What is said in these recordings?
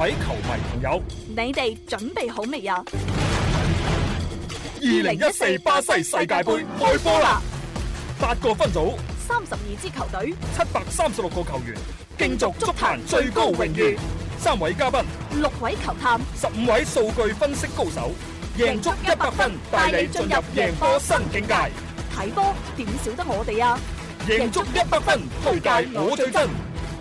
各位球迷朋友，你哋準備好未啊？二零一四巴西世界杯開波啦！八個分組，三十二支球隊，七百三十六個球員，競逐足壇最高榮譽。三位嘉賓，六位球探，十五位數據分析高手，贏足一百分，帶你進入贏波新境界。睇波點少得我哋啊！贏足一百分，推介我最真。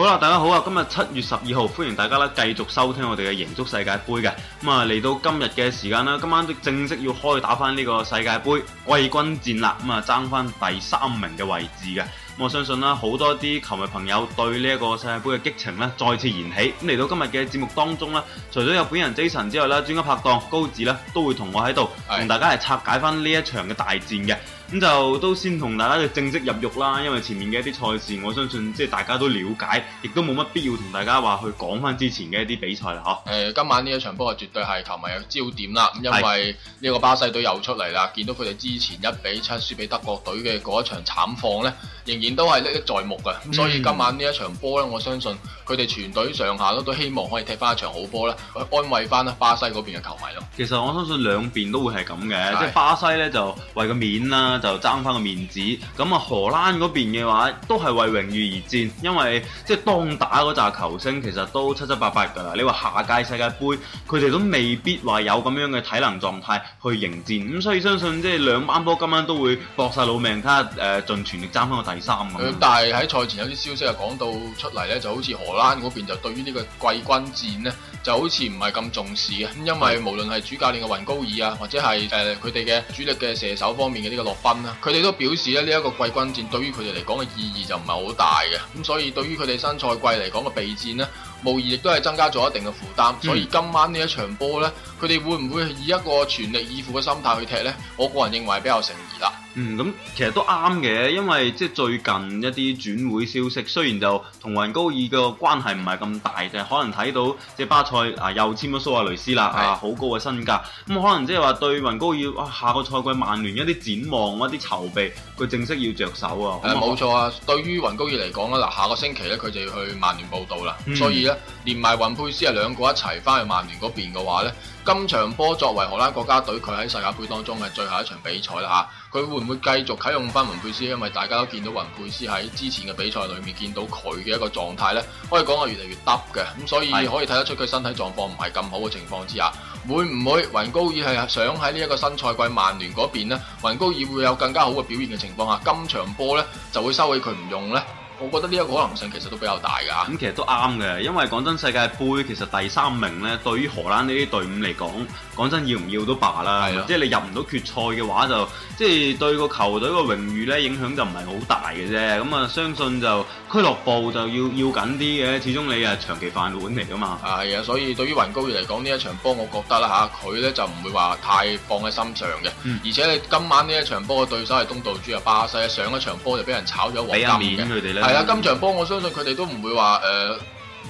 好啦，大家好啊！今日七月十二號，歡迎大家啦，繼續收聽我哋嘅《贏足世界杯》嘅。咁啊，嚟到今日嘅時間啦，今晚都正式要開打翻呢個世界杯季軍戰啦，咁啊爭翻第三名嘅位置嘅。我相信啦，好多啲球迷朋友對呢一個世界杯嘅激情咧再次燃起。咁嚟到今日嘅節目當中啦，除咗有本人 Jason 之外啦，專家拍檔高志咧都會同我喺度同大家嚟拆解翻呢一場嘅大戰嘅。咁就都先同大家就正式入獄啦，因為前面嘅一啲賽事，我相信即係大家都了解，亦都冇乜必要同大家話去講翻之前嘅一啲比賽啦，嚇。誒，今晚呢一場波啊，絕對係球迷嘅焦點啦。咁因為呢個巴西隊又出嚟啦，是見到佢哋之前一比七輸俾德國隊嘅嗰一場慘況呢，仍然都係歷歷在目嘅。咁、嗯、所以今晚呢一場波呢，我相信佢哋全隊上下都都希望可以踢翻一場好波啦，去安慰翻巴西嗰邊嘅球迷咯。其實我相信兩邊都會係咁嘅，是即係巴西呢就為個面啦。就爭翻個面子，咁啊荷蘭嗰邊嘅話都係為榮譽而戰，因為即係當打嗰扎球星其實都七七八八㗎啦。你話下屆世界盃，佢哋都未必話有咁樣嘅體能狀態去迎戰，咁所以相信即係兩班波今晚都會搏晒老命，卡誒、呃、盡全力爭翻個第三。咁但係喺賽前有啲消息係講到出嚟咧，就好似荷蘭嗰邊就對於呢個季軍戰呢，就好似唔係咁重視。因為無論係主教練嘅雲高爾啊，或者係佢哋嘅主力嘅射手方面嘅呢個洛。佢哋都表示咧呢一個季軍戰對於佢哋嚟講嘅意義就唔係好大嘅。咁所以對於佢哋新賽季嚟講嘅備戰咧，無疑亦都係增加咗一定嘅負擔。所以今晚呢一場波咧，佢哋會唔會以一個全力以赴嘅心態去踢咧？我個人認為比較成疑啦。嗯，咁其實都啱嘅，因為即係最近一啲轉會消息，雖然就同雲高爾個關係唔係咁大嘅，但可能睇到即係巴塞又是啊，又簽咗蘇亞雷斯啦，啊好高嘅身價，咁可能即係話對雲高爾下個賽季曼聯一啲展望，一啲籌備，佢正式要着手啊。冇、嗯、嗎錯啊，對於雲高爾嚟講啦，嗱下個星期咧佢就要去曼聯報到啦，嗯、所以咧連埋雲佩斯啊兩個一齊翻去曼聯嗰邊嘅話咧，今場波作為荷蘭國家隊佢喺世界盃當中嘅最後一場比賽啦。佢會唔會繼續啟用返雲佩斯？因為大家都見到雲佩斯喺之前嘅比賽裏面見到佢嘅一個狀態呢，可以講係越嚟越耷嘅，咁所以可以睇得出佢身體狀況唔係咁好嘅情況之下，會唔會雲高爾係想喺呢一個新賽季曼聯嗰邊呢，雲高爾會有更加好嘅表現嘅情況下，今場波呢就會收起佢唔用呢？我覺得呢個個可能性其實都比較大㗎、啊。咁、嗯嗯、其實都啱嘅，因為講真，世界盃其實第三名呢，對於荷蘭呢啲隊伍嚟講，講真要唔要都罷啦。即係的你入唔到決賽嘅話就，就即、是、係對個球隊個榮譽呢影響就唔係好大嘅啫。咁、嗯、啊，相信就俱樂部就要要緊啲嘅，始終你係長期飯碗嚟㗎嘛。係啊，所以對於雲高爾嚟講，呢一場波我覺得啦嚇，佢、啊、呢就唔會話太放喺心上嘅。嗯、而且你今晚呢一場波嘅對手係東道主啊，巴西上一場波就俾人炒咗黃金嘅，俾面佢哋。係啦，今場波我相信佢哋都唔會話、呃、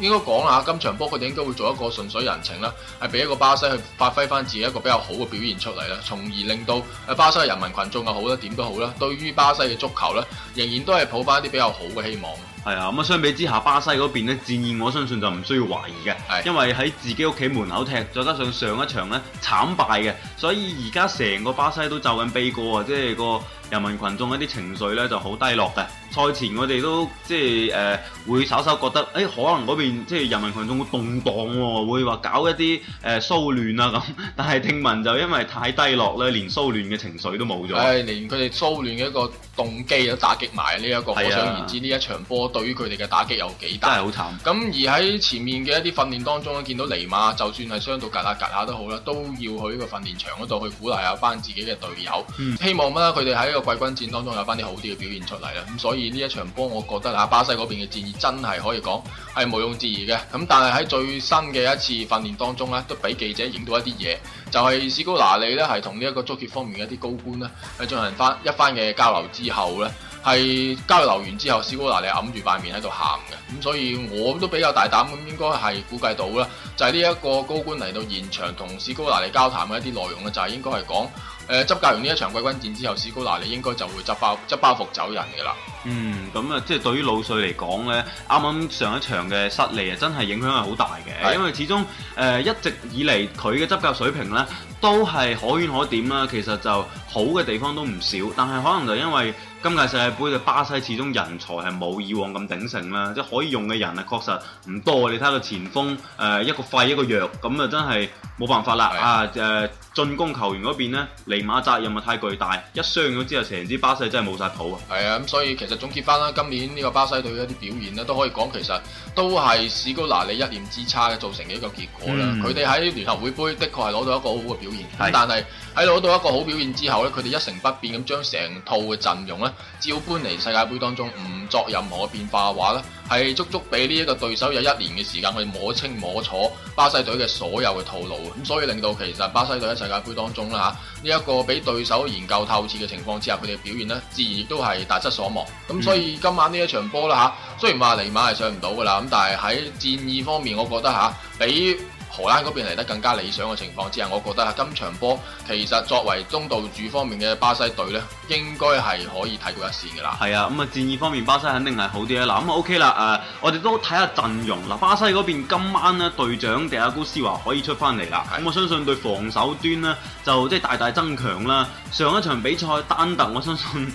應該講啦嚇。今場波佢哋應該會做一個順水人情啦，係俾一個巴西去發揮翻自己一個比較好嘅表現出嚟啦，從而令到誒巴西嘅人民群眾又好啦，點都好啦，對於巴西嘅足球咧，仍然都係抱翻一啲比較好嘅希望。係啊，咁啊相比之下，巴西嗰邊咧戰意，我相信就唔需要懷疑嘅，的因為喺自己屋企門口踢，再加上上一場咧慘敗嘅，所以而家成個巴西都就緊悲歌啊，即係個。人民群眾一啲情緒咧就好低落嘅，賽前我哋都即係誒、呃、會稍稍覺得，誒、欸、可能嗰邊即係人民群眾會動盪喎、哦，會話搞一啲誒騷亂啊咁。但係聽聞就因為太低落咧，連騷亂嘅情緒都冇咗。係，連佢哋騷亂嘅一個動機都打擊埋呢一個。係啊。可想而知呢一場波對於佢哋嘅打擊有幾大。真係好慘。咁而喺前面嘅一啲訓練當中咧，見到尼馬就算係傷到格下格下都好啦，都要去呢個訓練場嗰度去鼓勵一下班自己嘅隊友，嗯、希望乜啦？佢哋喺季軍戰當中有翻啲好啲嘅表現出嚟啦，咁所以呢一場波，我覺得啊，巴西嗰邊嘅戰意真係可以講係毋庸置疑嘅。咁但係喺最新嘅一次訓練當中咧，都俾記者影到一啲嘢，就係、是、史高拿利咧係同呢一個足協方面嘅一啲高官咧，係進行翻一翻嘅交流之後咧，係交流完之後，史高拿利揞住塊面喺度喊嘅。咁所以我都比較大膽咁，應該係估計到啦。就係呢一個高官嚟到現場同史高拿利交談嘅一啲內容咧，就係、是、應該係講，誒執教完呢一場季軍戰之後，史高拿利應該就會執包執包袱走人嘅啦。嗯，咁啊，即係對於老帥嚟講呢，啱啱上一場嘅失利啊，真係影響係好大嘅，的因為始終、呃、一直以嚟佢嘅執教水平呢都係可圈可點啦。其實就好嘅地方都唔少，但係可能就因為今屆世界盃嘅巴西始終人才係冇以往咁鼎盛啦，即係可以用嘅人啊確實唔多。你睇到前鋒誒、呃、一個廢一個弱，咁啊真係冇辦法啦的啊、呃進攻球員嗰邊呢，尼馬責任啊太巨大，一傷咗之後，成支巴西真係冇晒譜啊！係啊，咁所以其實總結翻啦，今年呢個巴西隊一啲表現咧，都可以講其實都係史高拿利一念之差嘅造成嘅一個結果啦。佢哋喺聯合會盃的確係攞到一個好好嘅表現，的但係喺攞到一個好表現之後呢，佢哋一成不變咁將成套嘅陣容呢，照搬嚟世界盃當中，唔作任何嘅變化嘅話呢係足足俾呢一個對手有一年嘅時間，去摸清摸楚巴西隊嘅所有嘅套路，咁所以令到其實巴西隊喺世界盃當中啦嚇，呢一個俾對手研究透徹嘅情況之下，佢哋嘅表現呢自然亦都係大失所望。咁所以今晚呢一場波啦嚇，雖然話尼馬係上唔到噶啦，咁但係喺戰意方面，我覺得嚇、啊、比荷蘭嗰邊嚟得更加理想嘅情況之下，我覺得啊，今場波其實作為東道主方面嘅巴西隊呢，應該係可以睇過一線嘅啦。係啊，咁、嗯、啊戰意方面，巴西肯定係好啲咧。嗱，咁、嗯、啊 OK 啦，呃、我哋都睇下陣容。嗱，巴西嗰邊今晚呢，隊長迪亞高斯華可以出翻嚟啦。咁、啊、我相信對防守端呢，就即係、就是、大大增強啦。上一場比賽，丹特，我相信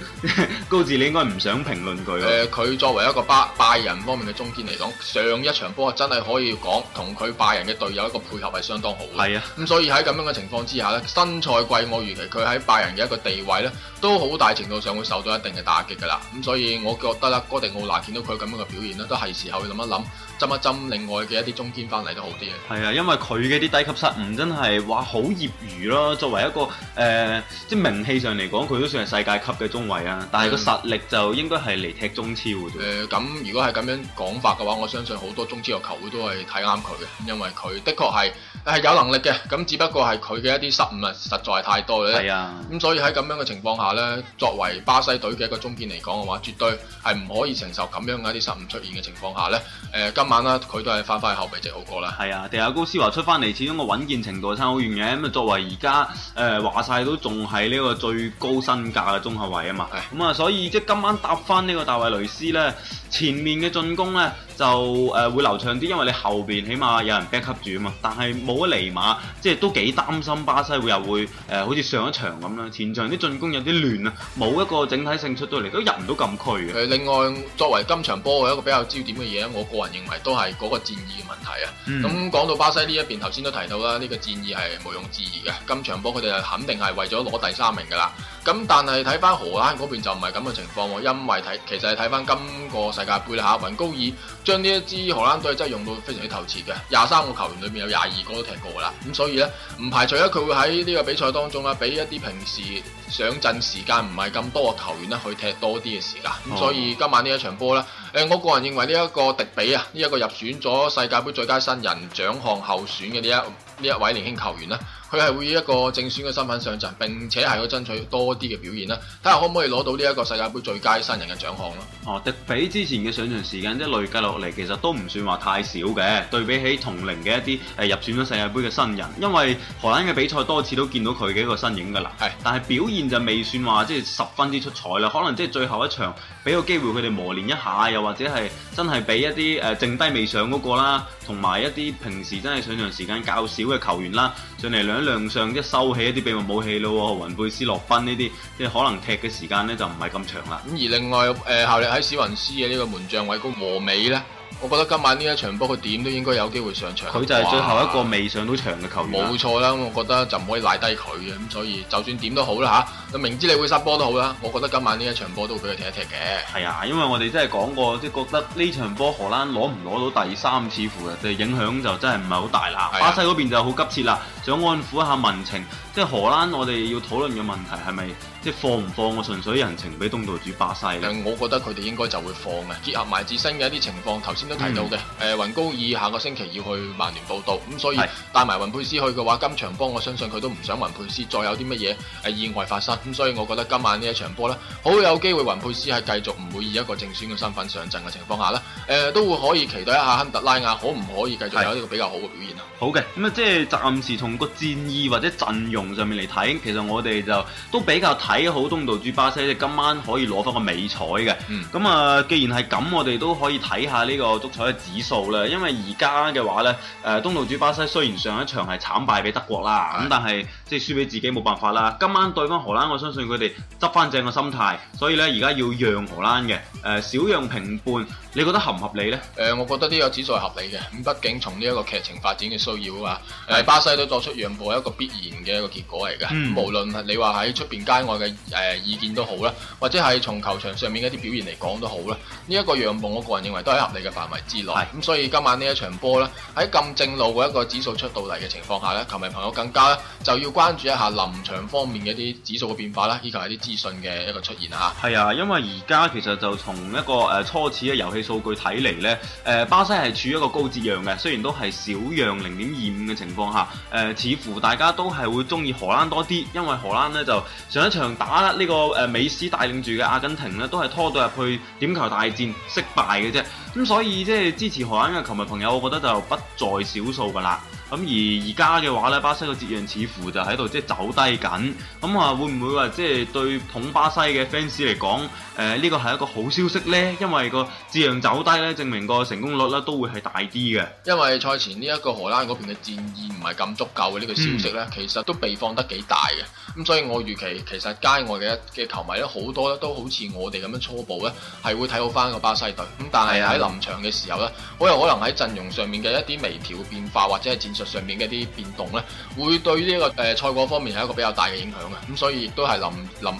高志你應該唔想評論佢嘅。佢、呃、作為一個巴拜仁方面嘅中堅嚟講，上一場波真係可以講同佢拜仁嘅隊友。個配合係相當好嘅，係啊。咁所以喺咁樣嘅情況之下咧，新賽季我預期佢喺拜仁嘅一個地位咧。都好大程度上會受到一定嘅打擊噶啦，咁所以我覺得啦，哥迪奧拿見到佢咁樣嘅表現都係時候去諗一諗，斟一斟，另外嘅一啲中堅翻嚟都好啲嘅。係啊，因為佢嘅啲低級失誤真係話好業餘咯。作為一個誒、呃，即名氣上嚟講，佢都算係世界級嘅中衛啊。但係個實力就應該係嚟踢中超嘅。咁、嗯嗯嗯嗯、如果係咁樣講法嘅話，我相信好多中超嘅球會都係睇啱佢嘅，因為佢的確係係有能力嘅。咁只不過係佢嘅一啲失誤啊，實在太多嘅。係啊。咁、嗯、所以喺咁樣嘅情況下。咧，作為巴西隊嘅一個中堅嚟講嘅話，絕對係唔可以承受咁樣嘅一啲失誤出現嘅情況下咧。誒、呃，今晚啦，佢都係返返去後備席好過啦。係啊，迪亞高斯華出翻嚟，始終個穩健程度差好遠嘅。咁啊，作為而家誒話晒都仲係呢個最高身價嘅中後衞啊嘛。係是。咁啊，所以即今晚搭翻呢個大衛雷斯咧，前面嘅進攻咧。就誒、呃、會流暢啲，因為你後面起碼有人 back 住啊嘛。但係冇咗尼碼，即係都幾擔心巴西會又會誒、呃、好似上一場咁啦，前場啲進攻有啲亂啊，冇一個整體性出到嚟，都入唔到禁區嘅。另外，作為今場波嘅一個比較焦點嘅嘢，我個人認為都係嗰個戰意嘅問題啊。咁講、嗯、到巴西呢一邊，頭先都提到啦，呢、這個戰意係毋庸置疑嘅。今場波佢哋肯定係為咗攞第三名噶啦。咁但係睇翻荷蘭嗰邊就唔係咁嘅情況喎，因為睇其實係睇翻今個世界盃啦嚇，雲高爾將呢一支荷蘭隊真係用到非常之透徹嘅，廿三個球員裏面有廿二個都踢過噶啦，咁所以咧唔排除咧佢會喺呢個比賽當中啦，俾一啲平時上陣時間唔係咁多嘅球員咧去踢多啲嘅時間，咁、哦、所以今晚呢一場波咧，誒我個人認為呢一個迪比啊，呢、這、一個入選咗世界盃最佳新人獎項候選嘅呢一。呢一位年輕球員呢，佢係會以一個正選嘅身份上陣，並且係要爭取多啲嘅表現啦，睇下可唔可以攞到呢一個世界盃最佳新人嘅獎項咯。哦，迪比之前嘅上場時間即係累計落嚟，其實都唔算話太少嘅，對比起同齡嘅一啲誒、呃、入選咗世界盃嘅新人，因為荷蘭嘅比賽多次都見到佢嘅一個身影㗎啦。係是，但係表現就未算話即係十分之出彩啦，可能即係最後一場。俾個機會佢哋磨練一下，又或者係真係俾一啲誒、呃、剩低未上嗰、那個啦，同埋一啲平時真係上場時間較少嘅球員啦，上嚟亮一亮相，一收起一啲秘密武器咯。雲貝斯洛賓呢啲，即係可能踢嘅時間咧就唔係咁長啦。咁而另外誒、呃、效力喺史雲斯嘅呢個門將位高和美咧。我覺得今晚呢一場波佢點都應該有機會上場。佢就係最後一個未上到場嘅球員。冇錯啦，我覺得就唔可以賴低佢嘅，咁所以就算點都好啦嚇，明知你會失波都好啦。我覺得今晚呢一場波都俾佢踢一踢嘅。係啊，因為我哋真係講過，即係覺得呢場波荷蘭攞唔攞到第三似乎嘅影響就真係唔係好大啦。啊，巴西嗰邊就好急切啦，想安撫一下民情。即係荷蘭，我哋要討論嘅問題係咪？是不是即放唔放，我純粹人情俾東道主霸曬。誒，我覺得佢哋應該就會放嘅，結合埋自身嘅一啲情況，頭先都提到嘅。誒、嗯呃，雲高爾下個星期要去曼聯報道。咁、嗯、所以帶埋雲佩斯去嘅話，今場波我相信佢都唔想雲佩斯再有啲乜嘢意外發生。咁所以我覺得今晚呢一場波呢，好有機會雲佩斯係繼續唔會以一個正選嘅身份上陣嘅情況下呢，誒、呃、都會可以期待一下亨特拉亞可唔可以繼續有一個比較好嘅表現啊！好嘅，咁啊，即係暫時從個戰意或者陣容上面嚟睇，其實我哋就都比較睇好東道主巴西，即今晚可以攞翻個美彩嘅。咁啊、嗯，既然係咁，我哋都可以睇下呢個足彩嘅指數啦。因為而家嘅話呢，誒、呃、東道主巴西雖然上一場係慘敗俾德國啦，咁的但係即係輸俾自己冇辦法啦。今晚對翻荷蘭，我相信佢哋執翻正個心態，所以呢，而家要讓荷蘭嘅誒、少讓平半，你覺得合唔合理呢？誒、呃，我覺得呢個指數係合理嘅。咁畢竟從呢一個劇情發展嘅需要啊，呃、是的巴西都作出讓步係一個必然嘅一個結果嚟嘅。咁、嗯、無論你話喺出邊街外嘅。誒，意見都好啦，或者係從球場上面一啲表現嚟講都好啦。呢一個讓步，我個人認為都係合理嘅範圍之內。咁所以今晚呢一場波呢，喺咁正路嘅一個指數出到嚟嘅情況下呢，球迷朋友更加呢就要關注一下臨場方面嘅啲指數嘅變化啦，以及一啲資訊嘅一個出現啊。係啊，因為而家其實就從一個誒初始嘅遊戲數據睇嚟呢，巴西係處於一個高置讓嘅，雖然都係小讓零點二五嘅情況下、呃，似乎大家都係會中意荷蘭多啲，因為荷蘭呢就上一場。打呢個誒美斯帶領住嘅阿根廷咧，都係拖到入去點球大戰，失敗嘅啫。咁所以即係支持荷蘭嘅球迷朋友，我覺得就不在少數噶啦。咁而而家嘅話咧，巴西個節量似乎就喺度即係走低緊，咁、嗯、啊，會唔會話即係對捧巴西嘅 fans 嚟講誒呢、呃、個係一個好消息咧？因為個節量走低咧，證明個成功率咧都會係大啲嘅。因為賽前呢一個荷蘭嗰邊嘅戰意唔係咁足夠嘅呢個消息咧，嗯、其實都被放得幾大嘅。咁所以我預期其實街外嘅嘅球迷咧好多咧都好似我哋咁樣初步咧係會睇好翻個巴西隊，咁但係喺臨場嘅時候咧，嗯、我又可能喺陣容上面嘅一啲微調變化或者係戰。上上邊嘅一啲變動咧，會對呢、這個誒賽、呃、果方面係一個比較大嘅影響嘅，咁所以亦都係臨臨。臨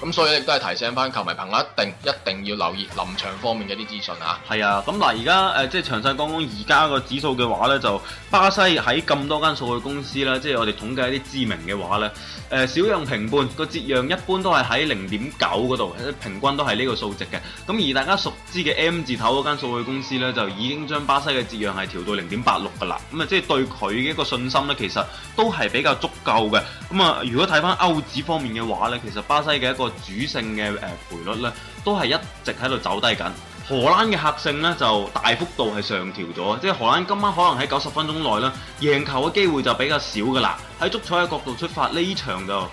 咁所以亦都係提醒翻球迷朋友，一定一定要留意臨場方面嘅啲資訊啊！係啊，咁嗱而家誒即係詳細講講而家個指數嘅話咧，就巴西喺咁多間數據公司啦，即係我哋統計一啲知名嘅話咧，誒、呃、小樣評判個折讓一般都係喺零點九嗰度，平均都係呢個數值嘅。咁而大家熟知嘅 M 字頭嗰間數據公司咧，就已經將巴西嘅折讓係調到零點八六噶啦。咁啊，即係對佢嘅一個信心咧，其實都係比較足夠嘅。咁啊，如果睇翻歐指方面嘅話咧，其實巴西嘅一個。主勝嘅誒賠率咧，都係一直喺度走低緊。荷蘭嘅客勝咧就大幅度係上調咗，即係荷蘭今晚可能喺九十分鐘內咧，贏球嘅機會就比較少噶啦。喺足彩嘅角度出發，呢場就。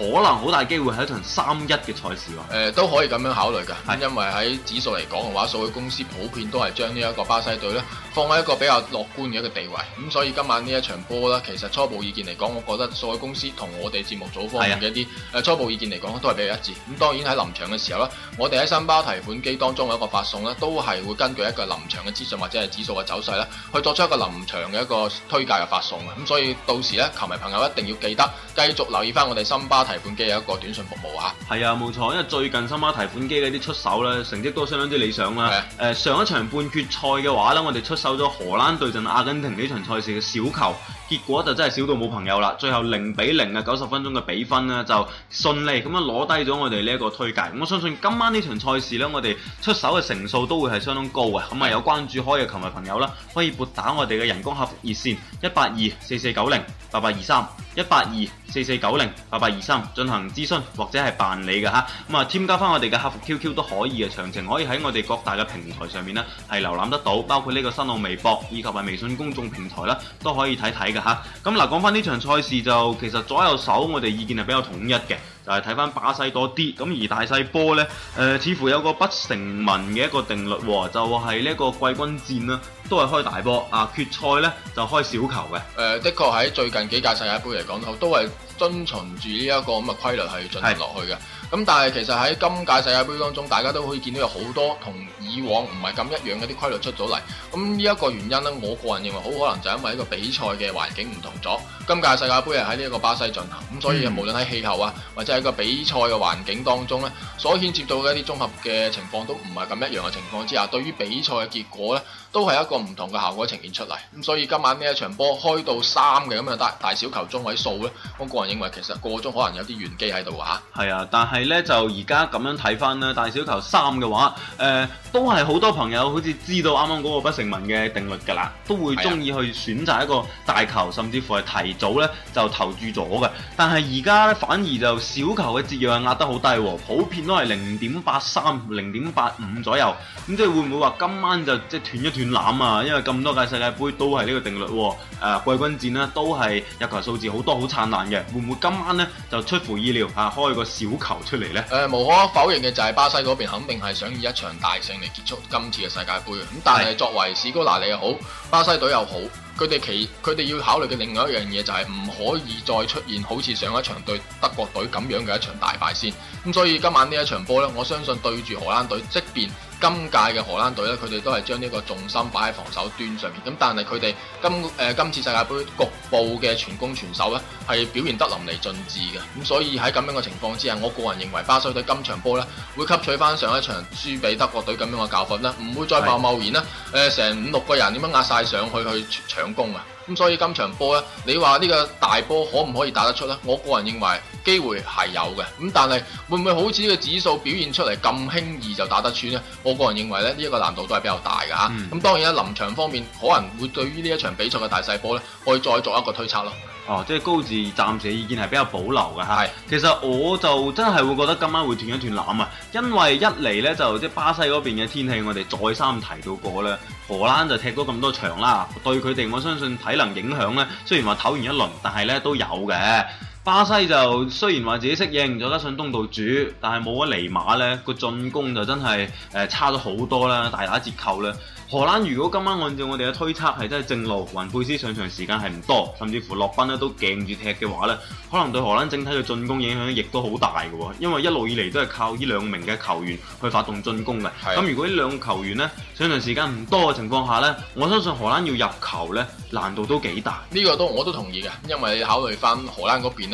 可能好大機會係一場三一嘅賽事喎、呃。都可以咁樣考慮㗎。是的 因為喺指數嚟講嘅話，數據公司普遍都係將呢一個巴西隊咧放喺一個比較樂觀嘅一個地位。咁、嗯、所以今晚呢一場波咧，其實初步意見嚟講，我覺得數據公司同我哋節目組方面嘅一啲誒是的、呃、初步意見嚟講都係比較一致。咁、嗯、當然喺臨場嘅時候咧，我哋喺新巴提款機當中嘅一個發送咧，都係會根據一個臨場嘅資訊或者係指數嘅走勢咧，去作出一個臨場嘅一個推介嘅發送。咁、嗯、所以到時咧，球迷朋友一定要記得繼續留意翻我哋新巴。提款機有一個短信服務啊，係啊冇錯，因為最近深花提款機嗰啲出手咧，成績都相當之理想啦。誒、啊呃、上一場半決賽嘅話咧，我哋出手咗荷蘭對陣阿根廷呢場賽事嘅小球。結果就真係少到冇朋友啦，最後零比零啊，九十分鐘嘅比分呢，就順利咁樣攞低咗我哋呢一個推介。我相信今晚呢場賽事呢，我哋出手嘅成數都會係相當高嘅。咁啊、嗯、有關注開嘅球迷朋友啦，可以撥打我哋嘅人工客服熱線一八二四四九零八八二三一八二四四九零八八二三進行諮詢或者係辦理嘅吓。咁啊，添加返我哋嘅客服 QQ 都可以嘅，詳情可以喺我哋各大嘅平台上面呢，係瀏覽得到，包括呢個新浪微博以及係微信公眾平台啦，都可以睇睇嘅。咁嗱，講翻呢場賽事，就其實左右手我哋意見係比較統一嘅。就係睇翻巴西多啲，咁而大細波呢，誒、呃、似乎有個不成文嘅一個定律喎、哦，就係呢一個季軍戰啦、啊，都係開大波啊，決賽呢，就開小球嘅。誒、呃，的確喺最近幾屆世界盃嚟講都係遵循住呢一個咁嘅規律去進行落去嘅。咁是但係其實喺今屆世界盃當中，大家都可以見到有好多同以往唔係咁一樣嘅啲規律出咗嚟。咁呢一個原因呢，我個人認為好可能就係因為一個比賽嘅環境唔同咗。今屆世界盃係喺呢一個巴西進行，咁所以無論喺氣候啊、嗯、或者就係一個比賽嘅環境當中咧，所牽涉到嘅一啲綜合嘅情況都唔係咁一樣嘅情況之下，對於比賽嘅結果咧，都係一個唔同嘅效果呈現出嚟。咁所以今晚呢一場波開到三嘅，咁啊大大小球中位數咧，我個人認為其實個中可能有啲玄機喺度啊。係啊，但係咧就而家咁樣睇翻啦。大小球三嘅話，誒、呃、都係好多朋友好似知道啱啱嗰個不成文嘅定律噶啦，都會中意去選擇一個大球，甚至乎係提早咧就投注咗嘅。但係而家咧反而就。小球嘅節約壓得好低喎，普遍都係零點八三、零點八五左右，咁即係會唔會話今晚就即係斷一斷纜啊？因為咁多屆世界盃都係呢個定律，誒、呃，季軍戰呢都係入球數字好多好燦爛嘅，會唔會今晚呢就出乎意料啊開個小球出嚟呢？誒、呃，無可否認嘅就係巴西嗰邊肯定係想以一場大勝嚟結束今次嘅世界盃。咁但係作為史高拿利又好，巴西隊又好。佢哋其佢哋要考慮嘅另外一樣嘢，就係唔可以再出現好似上一場對德國隊咁樣嘅一場大敗先，咁所以今晚呢一場波咧，我相信對住荷蘭隊即便。今屆嘅荷蘭隊咧，佢哋都係將呢個重心擺喺防守端上面。咁但係佢哋今誒、呃、今次世界盃局部嘅全攻全守咧，係表現得淋漓盡致嘅。咁、嗯、所以喺咁樣嘅情況之下，我個人認為巴西隊今場波咧會吸取返上一場輸俾德國隊咁樣嘅教訓啦，唔會再爆貿然啦。誒是的、呃，成五六個人點樣壓晒上去去搶攻啊！咁所以今場波咧，你話呢個大波可唔可以打得出呢？我個人認為機會係有嘅，咁但係會唔會好似呢個指數表現出嚟咁輕易就打得穿呢？我個人認為咧，呢、這、一個難度都係比較大㗎吓。咁、嗯、當然啦，臨場方面可能會對於呢一場比賽嘅大細波呢，可以再作一個推測咯。哦，即係高志暫時嘅意見係比較保留嘅嚇。其實我就真係會覺得今晚會斷一斷纜啊，因為一嚟呢，就即係巴西嗰邊嘅天氣，我哋再三提到過啦。荷蘭就踢咗咁多場啦，對佢哋我相信體能影響呢，雖然話唞完一輪，但係呢都有嘅。巴西就雖然話自己適應，再加上東道主，但係冇咗尼馬呢個進攻就真係誒差咗好多啦，大打折扣啦。荷蘭如果今晚按照我哋嘅推測係真係正路，雲佩斯上場時間係唔多，甚至乎洛賓咧都勁住踢嘅話呢，可能對荷蘭整體嘅進攻影響亦都好大嘅喎，因為一路以嚟都係靠呢兩名嘅球員去發動進攻嘅。咁是的 如果呢兩個球員呢上場時間唔多嘅情況下呢，我相信荷蘭要入球呢難度都幾大。呢個都我都同意嘅，因為考慮翻荷蘭嗰邊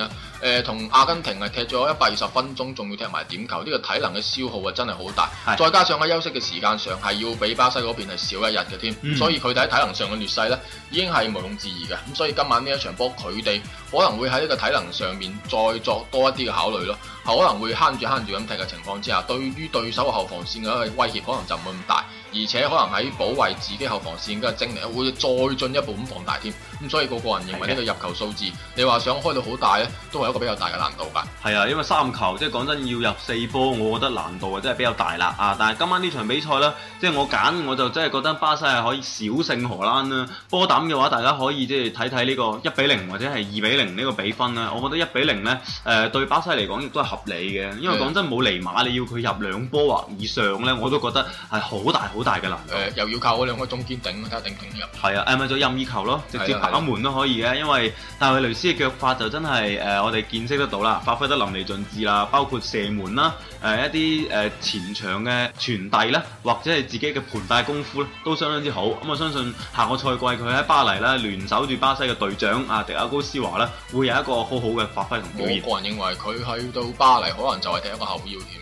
誒同阿根廷係踢咗一百二十分鐘，仲要踢埋點球，呢、這個體能嘅消耗啊真係好大，是再加上喺休息嘅時間上係要比巴西嗰邊係少一日嘅添，嗯、所以佢哋喺體能上嘅劣勢呢已經係毋庸置疑嘅，咁所以今晚呢一場波佢哋。他們可能會喺呢個體能上面再作多一啲嘅考慮咯，可能會慳住慳住咁踢嘅情況之下，對於對手嘅後防線嘅威脅可能就唔會咁大，而且可能喺保衞自己後防線嘅精力會再進一步咁放大添。咁所以個個人認為呢個入球數字，的你話想開到好大咧，都係一個比較大嘅難度㗎。係啊，因為三球即係講真要入四波，我覺得難度啊真係比較大啦啊！但係今晚呢場比賽啦，即係我揀我就真係覺得巴西係可以小勝荷蘭啦。波膽嘅話，大家可以即係睇睇呢個一比零或者係二比零。呢個比分咧，我覺得一比零呢，誒對巴西嚟講亦都係合理嘅，因為講真冇尼馬，你要佢入兩波或以上呢，我都覺得係好大好大嘅難度。又要靠嗰兩個中堅頂，睇下頂唔入。係啊，係咪就任意球咯，直接打門都可以嘅，因為戴維雷斯嘅腳法就真係誒我哋見識得到啦，發揮得淋漓盡致啦，包括射門啦，誒、呃、一啲誒前場嘅傳遞呢，或者係自己嘅盤帶功夫咧，都相當之好。咁我相信下個賽季佢喺巴黎呢聯手住巴西嘅隊長阿迪亞高斯華啦。會有一個很好好嘅發揮同表現。我個人認為佢去到巴黎可能就係第一個後腰點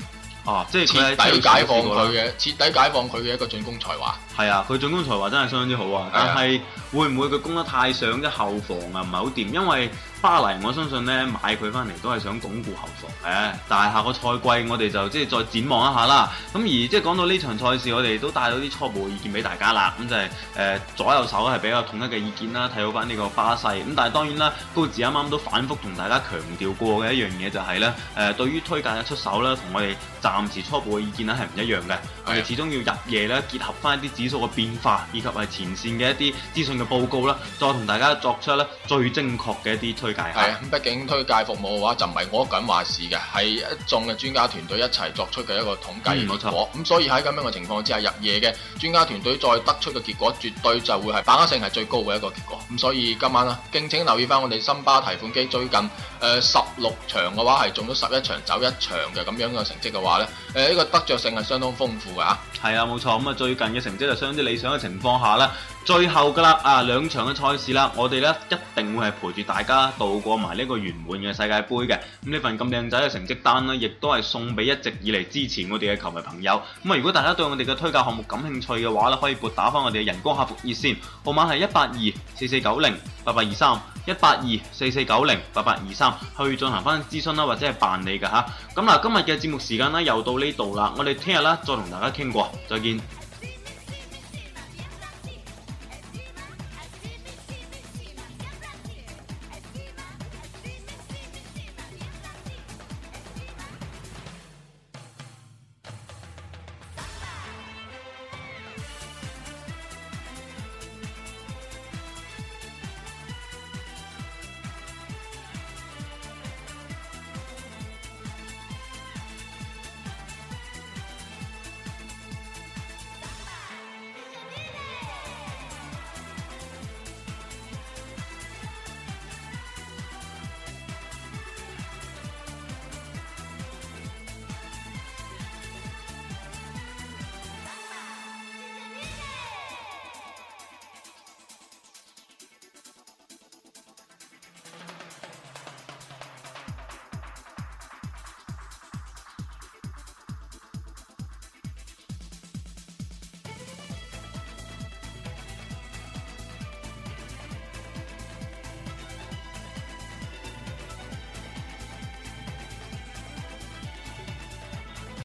啊，即係徹底解放佢嘅徹底解放佢嘅一個進攻才華。係啊，佢進攻才華真係相當之好啊，是的但係會唔會佢攻得太上即後防啊？唔係好掂，因為。巴黎，我相信咧買佢翻嚟都係想鞏固後防嘅。但係下個賽季我，我哋就即係再展望一下啦。咁而即係講到呢場賽事，我哋都帶咗啲初步嘅意見俾大家啦。咁就係、是呃、左右手係比較統一嘅意見啦。睇到翻呢個巴西，咁但係當然啦，高志啱啱都反覆同大家強調過嘅一樣嘢就係、是、咧、呃、對於推介嘅出手咧，同我哋暫時初步嘅意見咧係唔一樣嘅。我哋始終要日夜咧結合翻一啲指數嘅變化，以及係前線嘅一啲資訊嘅報告啦，再同大家作出咧最精確嘅一啲推。係啊，咁、嗯、畢竟推介服務嘅話就不是我是的，就唔係我一個人話事嘅，係一眾嘅專家團隊一齊作出嘅一個統計結果。冇錯。咁、嗯、所以喺咁樣嘅情況之下，入夜嘅專家團隊再得出嘅結果，絕對就會係把握性係最高嘅一個結果。咁所以今晚啦，敬請留意翻我哋森巴提款機最近誒十六場嘅話係中咗十一場走一場嘅咁樣嘅成績嘅話咧，誒、呃、呢、這個得着性係相當豐富嘅嚇。係啊，冇錯。咁、嗯、啊，最近嘅成績就相當之理想嘅情況下啦。最後噶啦，啊兩場嘅賽事啦，我哋咧一定會係陪住大家度過埋呢個圓滿嘅世界杯嘅。咁呢份咁靚仔嘅成績單呢，亦都係送俾一直以嚟支持我哋嘅球迷朋友。咁啊，如果大家對我哋嘅推介項目感興趣嘅話咧，可以撥打翻我哋嘅人工客服熱線，號碼係一八二四四九零八八二三，一八二四四九零八八二三去進行翻諮詢啦或者係辦理㗎吓。咁嗱，今日嘅節目時間呢，又到呢度啦，我哋聽日啦再同大家傾過，再見。